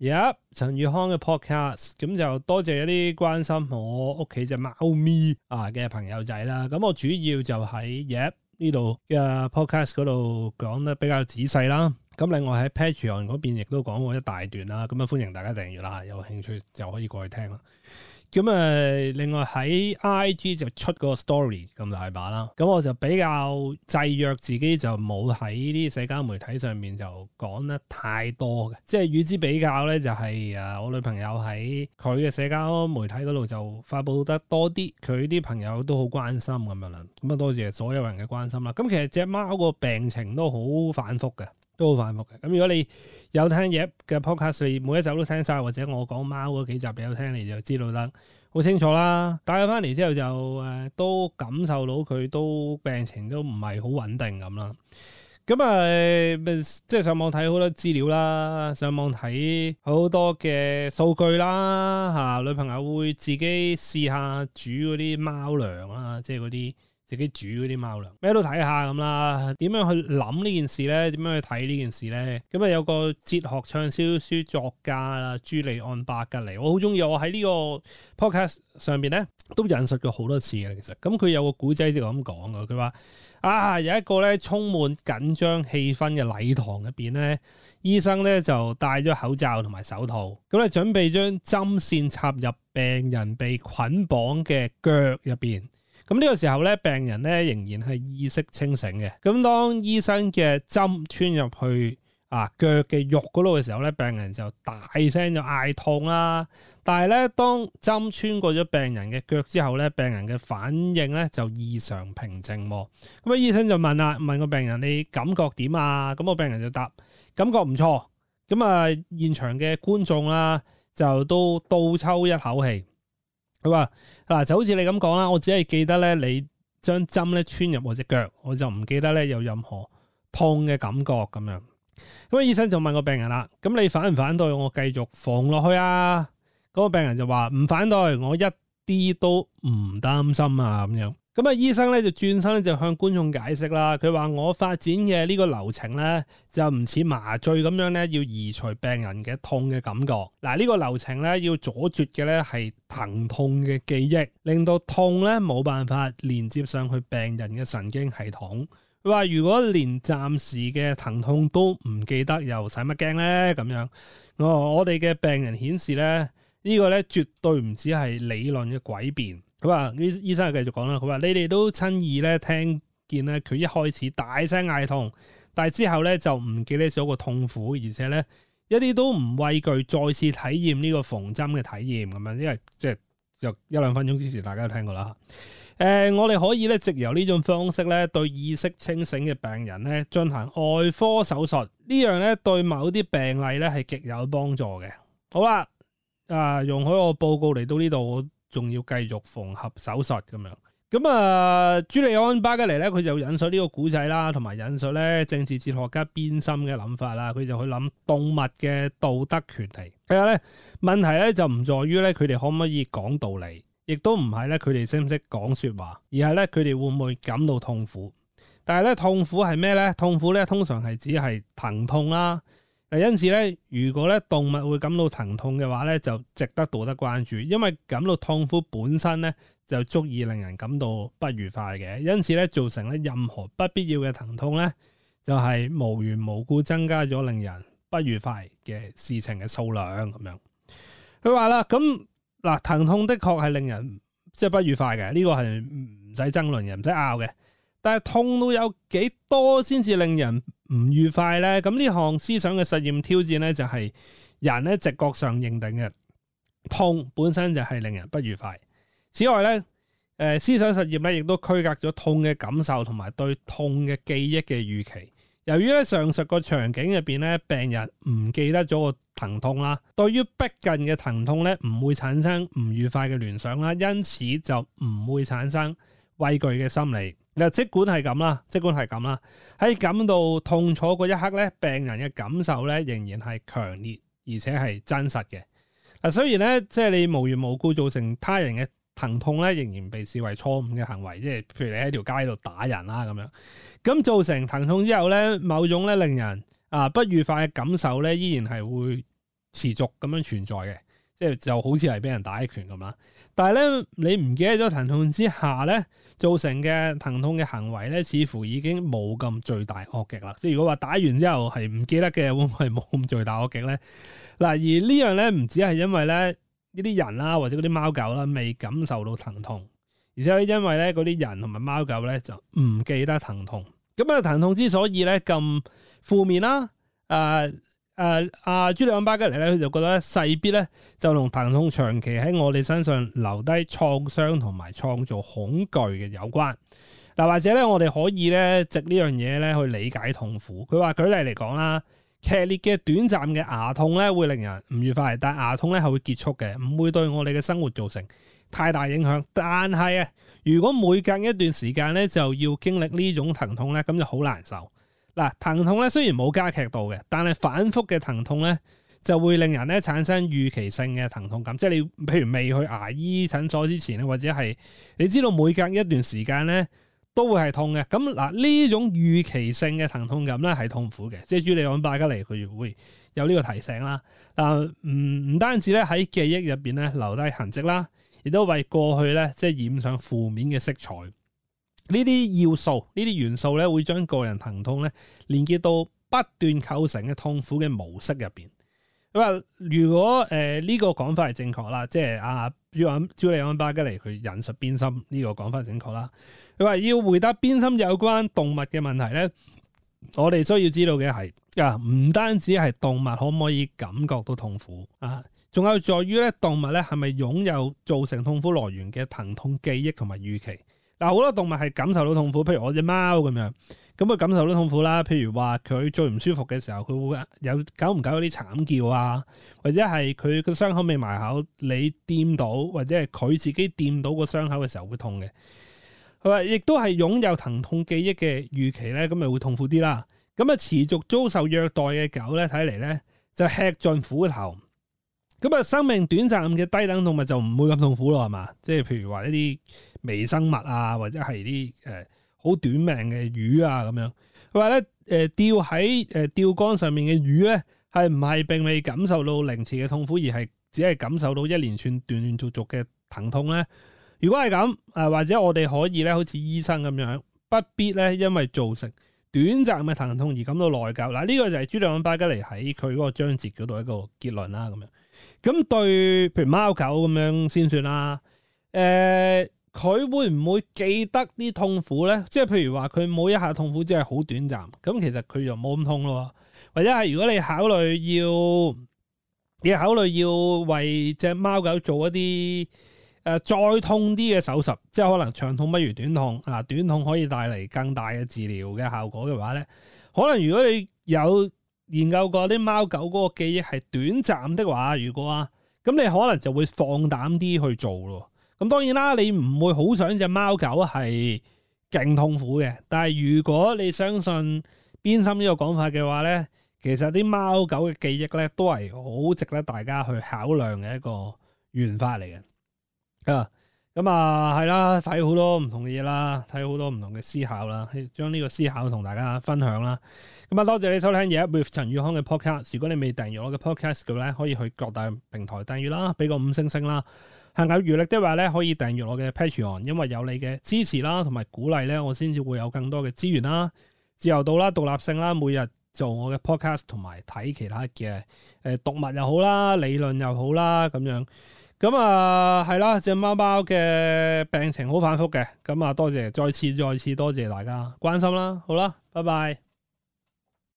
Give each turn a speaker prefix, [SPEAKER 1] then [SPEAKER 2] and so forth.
[SPEAKER 1] Yap、yeah，陳宇康嘅 podcast，咁就多謝一啲關心我屋企隻貓咪啊嘅朋友仔啦。咁我主要就喺 Yap、yeah，呢度嘅 podcast 嗰度講得比較仔細啦。咁另外喺 Patreon 嗰邊亦都講過一大段啦。咁啊，歡迎大家訂閱啦，有興趣就可以過去聽啦。咁啊，另外喺 IG 就出個 story 咁大把啦。咁我就比較制約自己，就冇喺啲社交媒體上面就講得太多嘅。即係與之比較咧，就係啊，我女朋友喺佢嘅社交媒體嗰度就發布得多啲，佢啲朋友都好關心咁樣啦。咁啊，多謝所有人嘅關心啦。咁其實隻貓個病情都好反覆嘅。都好反覆嘅，咁如果你有聽嘅 podcast，你每一集都聽晒，或者我講貓嗰幾集你有聽，你就知道得好清楚啦。帶佢翻嚟之後就誒、呃，都感受到佢都病情都唔係好穩定咁啦。咁啊，即、呃、係、就是、上網睇好多資料啦，上網睇好多嘅數據啦嚇、呃。女朋友會自己試下煮嗰啲貓糧啊，即係嗰啲。自己煮嗰啲貓糧，咩都睇下咁啦。點樣去諗呢件事咧？點樣去睇呢件事咧？咁啊有個哲學暢銷書作家啦，朱利安柏格尼，我好中意。我喺呢個 podcast 上邊咧，都引述過好多次嘅。其實咁佢有個古仔就咁講嘅。佢話啊，有一個咧充滿緊張氣氛嘅禮堂入邊咧，醫生咧就戴咗口罩同埋手套，咁咧準備將針線插入病人被捆綁嘅腳入邊。咁呢個時候咧，病人咧仍然係意識清醒嘅。咁當醫生嘅針穿入去啊腳嘅肉嗰度嘅時候咧，病人就大聲就嗌痛啦。但係咧，當針穿過咗病人嘅腳之後咧，病人嘅反應咧就異常平靜喎。咁啊，醫生就問啦，問個病人你感覺點啊？咁個病人就答：感覺唔錯。咁啊，現場嘅觀眾啦就都倒抽一口氣。佢話嗱，就好似你咁講啦，我只係記得咧你將針咧穿入我隻腳，我就唔記得咧有任何痛嘅感覺咁樣。咁啊醫生就問個病人啦，咁你反唔反對我繼續縫落去啊？嗰個病人就話唔反對，我一啲都唔擔心啊咁樣。咁啊！醫生咧就轉身咧就向觀眾解釋啦。佢話：我發展嘅呢個流程咧，就唔似麻醉咁樣咧，要移除病人嘅痛嘅感覺。嗱，呢個流程咧要阻絕嘅咧係疼痛嘅記憶，令到痛咧冇辦法連接上去病人嘅神經系統。佢話：如果連暫時嘅疼痛都唔記得，又使乜驚咧？咁樣我我哋嘅病人顯示咧，呢個咧絕對唔止係理論嘅詭辯。咁啊，醫醫生又繼續講啦。佢話：你哋都親耳咧聽見咧，佢一開始大聲嗌痛，但係之後咧就唔記得咗個痛苦，而且咧一啲都唔畏懼再次體驗呢個縫針嘅體驗咁樣。因為即係又一兩分鐘之前，大家都聽過啦吓。誒、呃，我哋可以咧，藉由呢種方式咧，對意識清醒嘅病人咧，進行外科手術呢樣咧，對某啲病例咧係極有幫助嘅。好啦，啊、呃，容許我報告嚟到呢度。仲要繼續縫合手術咁樣，咁啊、呃、朱利安巴吉尼咧，佢就引述呢個古仔啦，同埋引述咧政治哲學家邊沁嘅諗法啦，佢就去諗動物嘅道德權利。咁咧問題咧就唔在於咧佢哋可唔可以講道理，亦都唔係咧佢哋識唔識講説話，而係咧佢哋會唔會感到痛苦。但係咧痛苦係咩咧？痛苦咧通常係指係疼痛啦。嗱，因此咧，如果咧動物會感到疼痛嘅話咧，就值得道德關注，因為感到痛苦本身咧就足以令人感到不愉快嘅。因此咧，造成咧任何不必要嘅疼痛咧，就係、是、無緣無故增加咗令人不愉快嘅事情嘅數量咁樣。佢話啦，咁、嗯、嗱、呃，疼痛的確係令人即係不愉快嘅，呢個係唔使爭論嘅，唔使拗嘅。但係痛到有幾多先至令人？唔愉快咧，咁呢項思想嘅實驗挑戰咧，就係人咧直覺上認定嘅痛本身就係令人不愉快。此外咧，誒、呃、思想實驗咧亦都區隔咗痛嘅感受同埋對痛嘅記憶嘅預期。由於咧上述個場景入邊咧，病人唔記得咗個疼痛啦，對於逼近嘅疼痛咧，唔會產生唔愉快嘅聯想啦，因此就唔會產生畏懼嘅心理。嗱，即管係咁啦，即管係咁啦，喺感到痛楚嗰一刻咧，病人嘅感受咧仍然係強烈，而且係真實嘅。嗱，雖然咧，即係你無緣無故造成他人嘅疼痛咧，仍然被視為錯誤嘅行為，即係譬如你喺條街度打人啦咁樣，咁造成疼痛之後咧，某種咧令人啊不愉快嘅感受咧，依然係會持續咁樣存在嘅。即係就好似係俾人打一拳咁啦，但係咧你唔記得咗疼痛之下咧造成嘅疼痛嘅行為咧，似乎已經冇咁罪大惡極啦。即係如果話打完之後係唔記得嘅，會唔會冇咁罪大惡極咧？嗱，而呢樣咧唔只係因為咧呢啲人啦，或者嗰啲貓狗啦未感受到疼痛，而且因為咧嗰啲人同埋貓狗咧就唔記得疼痛。咁啊，疼痛之所以咧咁負面啦、啊，誒、呃。誒阿、呃啊、朱利安巴吉尼咧，佢就覺得勢必咧就同疼痛長期喺我哋身上留低創傷同埋創造恐懼嘅有關。嗱、呃，或者咧，我哋可以咧藉呢樣嘢咧去理解痛苦。佢話舉例嚟講啦，劇烈嘅短暫嘅牙痛咧會令人唔愉快，但牙痛咧係會結束嘅，唔會對我哋嘅生活造成太大影響。但係啊，如果每隔一段時間咧就要經歷種呢種疼痛咧，咁就好難受。嗱，疼痛咧雖然冇加劇到嘅，但係反覆嘅疼痛咧就會令人咧產生預期性嘅疼痛感，即係你譬如未去牙醫診所之前咧，或者係你知道每隔一段時間咧都會係痛嘅。咁嗱，呢種預期性嘅疼痛感咧係痛苦嘅，即係朱利安巴吉尼，佢會有呢個提醒啦。但唔唔單止咧喺記憶入邊咧留低痕跡啦，亦都為過去咧即係染上負面嘅色彩。呢啲要素，呢啲元素咧，會將個人疼痛咧連結到不斷構成嘅痛苦嘅模式入邊。佢話：如果誒呢、呃呢個講法係正確啦，即係啊，比如話朱利安巴吉尼引述邊心呢、呢個講法正確啦。佢話要回答邊心有關動物嘅問題咧，我哋需要知道嘅係啊，唔單止係動物可唔可以感覺到痛苦啊，仲有在於咧動物咧係咪擁有造成痛苦來源嘅疼痛記憶同埋預期。但，好多動物係感受到痛苦，譬如我隻貓咁樣，咁佢感受到痛苦啦。譬如話佢最唔舒服嘅時候，佢會有搞唔搞有啲慘叫啊，或者係佢個傷口未埋口，你掂到，或者係佢自己掂到個傷口嘅時候會痛嘅。佢話亦都係擁有疼痛記憶嘅預期咧，咁咪會痛苦啲啦。咁啊持續遭受虐待嘅狗咧，睇嚟咧，就吃盡苦頭。咁啊，生命短暫嘅低等動物就唔會咁痛苦咯，係嘛？即係譬如話一啲微生物啊，或者係啲誒好短命嘅魚啊，咁樣。佢話咧，誒釣喺誒釣竿上面嘅魚咧，係唔係並未感受到凌遲嘅痛苦，而係只係感受到一連串斷斷續續嘅疼痛咧？如果係咁，誒或者我哋可以咧，好似醫生咁樣，不必咧因為造成短暫嘅疼痛而感到內疚。嗱，呢個就係朱利安巴吉尼喺佢嗰個章節嗰度一個結論啦，咁樣。咁對，譬如貓狗咁樣先算啦。誒、呃，佢會唔會記得啲痛苦咧？即係譬如話，佢每一下痛苦只係好短暫，咁其實佢就冇咁痛咯。或者係如果你考慮要，你考慮要為隻貓狗做一啲誒、呃、再痛啲嘅手術，即係可能長痛不如短痛啊，短痛可以帶嚟更大嘅治療嘅效果嘅話咧，可能如果你有研究過啲貓狗嗰個記憶係短暫的話，如果啊，咁你可能就會放膽啲去做咯。咁當然啦，你唔會好想隻貓狗係勁痛苦嘅。但係如果你相信邊心呢個講法嘅話咧，其實啲貓狗嘅記憶咧都係好值得大家去考量嘅一個原法嚟嘅。啊！咁啊，係啦、嗯，睇好多唔同嘅嘢啦，睇好多唔同嘅思考啦，將呢個思考同大家分享啦。咁、嗯、啊，多謝你收聽嘢、yeah，with 陳宇康嘅 podcast。Podcast，如果你未訂閱我嘅 podcast 咁咧，可以去各大平台訂閱啦，俾個五星星啦。行有餘力的話咧，可以訂閱我嘅 Patreon 因為有你嘅支持啦，同埋鼓勵咧，我先至會有更多嘅資源啦、自由度啦、獨立性啦。每日做我嘅 podcast 同埋睇其他嘅，誒，讀物又好啦，理論又好啦，咁樣。咁啊，係啦、嗯，隻貓貓嘅病情好反復嘅。咁、嗯、啊，多謝，再次再次多謝大家關心啦，好啦，拜拜。